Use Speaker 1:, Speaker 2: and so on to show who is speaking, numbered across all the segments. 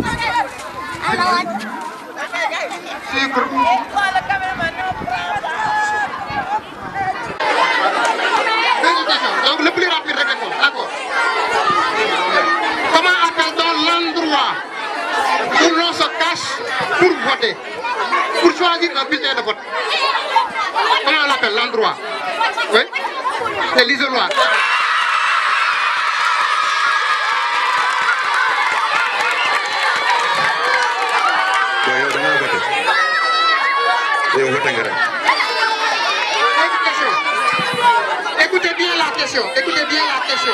Speaker 1: Donc le plus rapide, Comment appelle-t-on l'endroit où l'on se cache pour voter Pour choisir un bulletin de vote Comment on l'appelle l'endroit Oui C'est eh, l'isoloir. Écoutez bien la question, écoutez bien la question.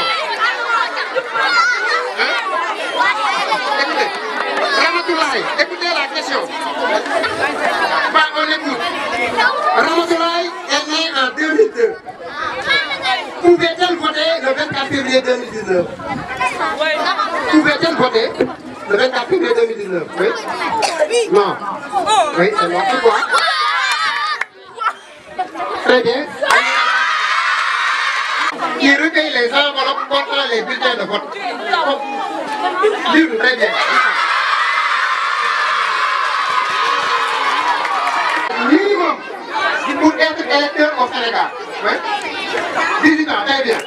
Speaker 1: Hein? Écoutez, Ramatoulaye, écoutez la question. Bah, on écoute. est né en 2002. Pouvait-elle voter le 24 février 2019 Pouvait-elle voter le 24 février 2019 Oui. Non. Oui, c'est moi. qui vois. Très bien. Qui recueille les enveloppes portant les bulletins de vote. Livre, très bien. Minimum pour être électeur au Sénégal. Oui. 18 ans, très bien.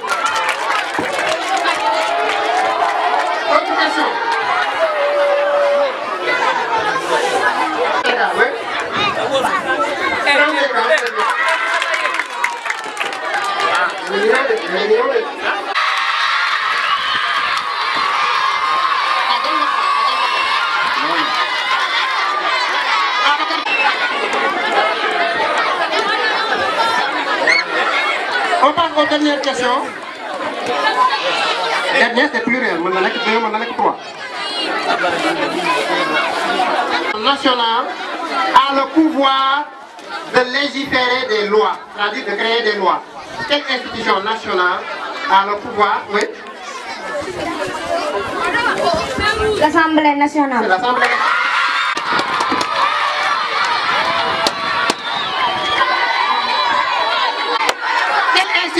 Speaker 1: dernière question dernière c'est pluriel mën na que deux mën na que trois. national a le pouvoir de légiférer des lois c'est-à-dire de créer des lois quelle institution nationale a le pouvoir oui. l'Assemblée nationale.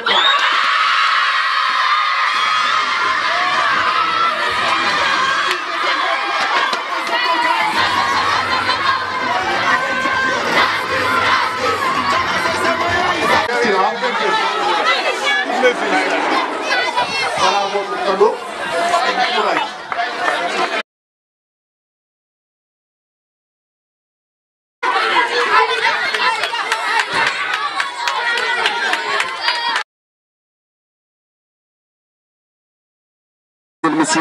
Speaker 1: America.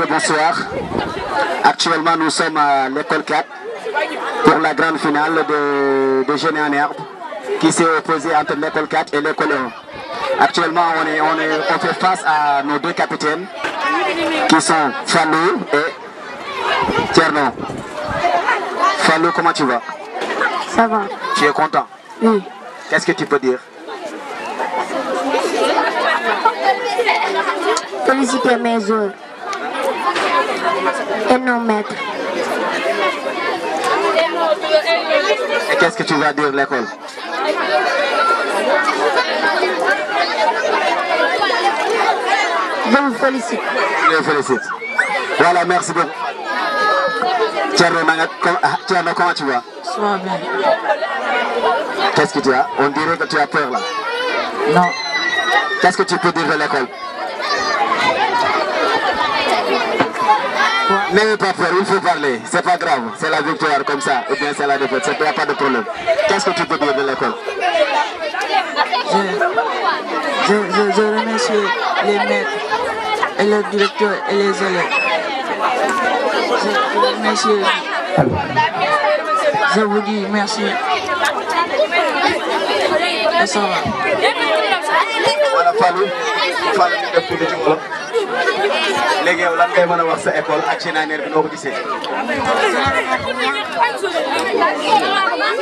Speaker 1: bonsoir. Actuellement, nous sommes à l'école 4 pour la grande finale de, de en Herbe qui s'est opposée entre l'école 4 et l'école 1. Actuellement, on, est, on, est, fait face à nos deux capitaines qui sont Fallou et Tierno. Fallou, comment tu vas Ça va. Tu es content Oui. Qu'est-ce que tu peux dire Féliciter mes joueurs. Et non maître Et qu'est-ce que tu vas dire l'école Je vous félicite. Je vous félicite. Voilà, merci beaucoup. Tiens, ah, comment tu vas Sois bien. Qu'est-ce que tu as On dirait que tu as peur là. Non. Qu'est-ce que tu peux dire à l'école N'ayez pas peur, il faut parler. C'est pas grave, c'est la victoire comme ça, et bien c'est la défaite, il n'y a pas de problème. Qu'est-ce que tu peux dire de l'école je, je, remercie les maîtres, et directeurs et les élèves. Je, remercie. Je vous dis merci. Et ça va. wala Fallou Fallou ñu def tuuti ci wolof léegi yow lan ngay mën a wax sa école ak séminaire bi noo ko gisee.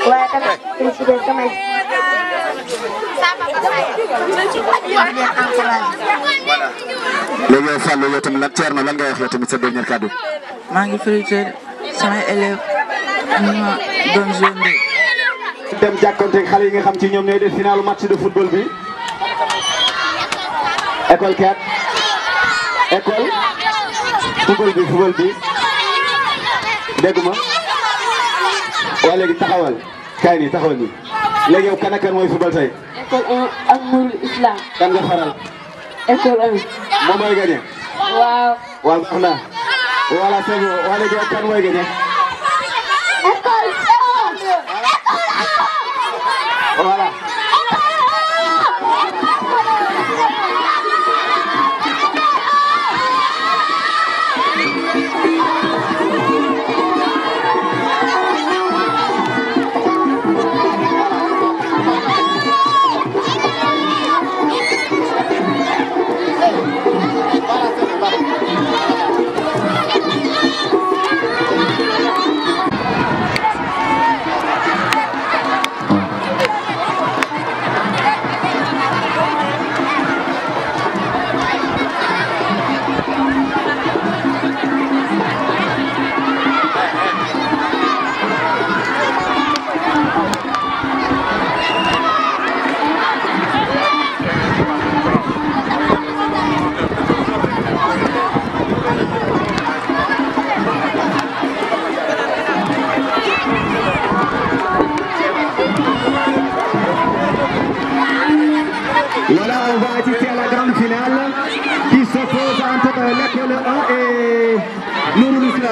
Speaker 1: waaye tamit suñ si dee sama voilà léegi yow Fallou yow tamit lan Thierno lan ngay wax yow tamit sa dernier kàddu. maa ngi félicité sama élève ñu ma doon zone bi. dem jàkkoonte xale yi nga xam ci ñoom ñooy def finalu match de football bi. ekol Kat, ekol কি bi কি bi dégguma Walegi taxawal kaay nii taxawal ni legi yow kan kan Islam. kan nga faral. école 1. moom mooy gagné. waaw. waaw baax ekol kan 1.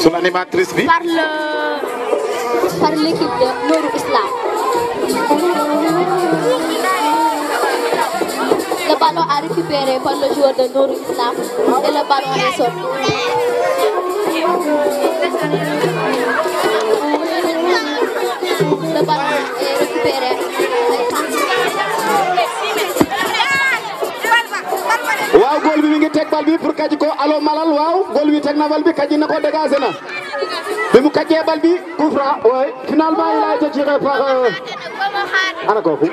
Speaker 1: suñu animatrice di? par le par l'équipe de Nourou Islam. Le ballon a récupéré par le joueur di Nourou Islam e le ballon est risolto. nak bal bi pour kaji ko allo malal waaw gol wi teg na bi kadi nako dégager na bi mu kajee bal bi koufra franc finalement il a été tiré par euh, ana kooku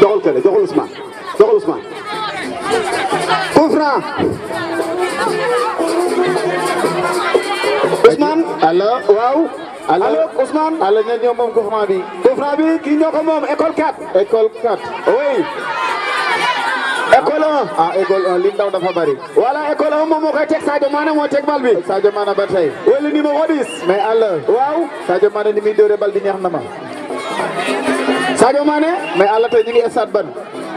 Speaker 1: dohol tele dohol Ousmane dohol Ousmane koufra franc Ousmane allo waaw allo Ousmane allo ñoom mom ko xama bi coup franc bi ki ñoko mom école 4 école 4 oui école 1 ah école 1 li ndaw dafa bari voilà école 1 moom moo teg Sadio Mané moo teg bal bi Sadio ba tey wala numéro 10 mais Allah waaw Sadio Mané ni muy dóore bal neex na ma Sadio Mané mais Allah tey ñu ngi stade ban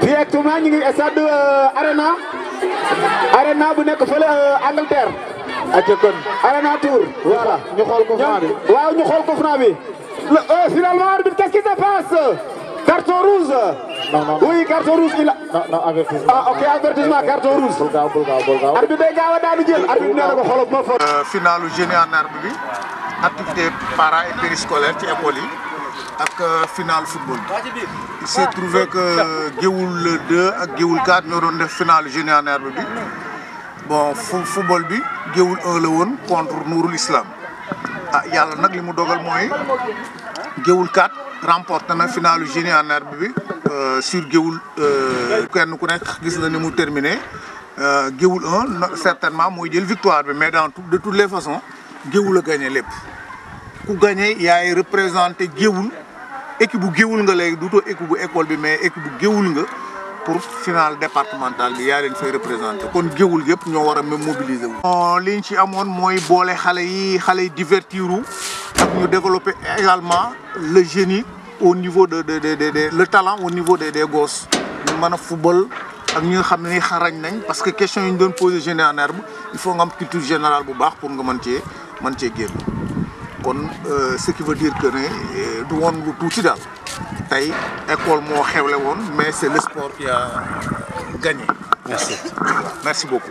Speaker 1: directement ñu ngi stade euh, Arena Arena bu nekk fële euh, Angleterre acca kon Arena Tour voilà ñu xool ko franc bi waaw ñu xool ko franc bi euh, finalement arbitre qu'est-ce qui se passe Carton rouge. Non, non. Oui, carton rouge il a. Non, non, avertissement. Ah, ok, avertissement, carton rouge. en activité para et périscolaire ci est Avec euh, final football il s'est trouvé que Géoul 2 et Géoul 4 nous final en bon football 1 contre l'Islam. 4. Ah, remporté la finale génie en RBB euh, sur Géoul. Euh, kenn ku nekk gis na ni mu terminé euh, Géoul 1 certainement a jël victoire mais dans de toutes les façons Géoul a gagné Pour gagner, il a représenté Géoul, l'équipe de Géoul, nga équipe école bi mais équipe nga pour finale départementale bi yaa leen fay représenté kon géwul yëpp ñoo war a mobiliser wu. liñ ci amoon mooy boole xale yi xale yi divertiru ak ñu développer également le génie au niveau de de de de le talent au niveau des des gosses ñu mën a football ak ñi nga xam ne xarañ nañ parce que question yi ñu doon posé génie en herbe il faut nga am culture générale bu baax pour nga mën cee mën cee génn kon euh, ce qui veut dire que ne euh, du woon lu tuuti daal. tey école moo xewle woon mais c'est le sport qui a gagné. merci merci beaucoup.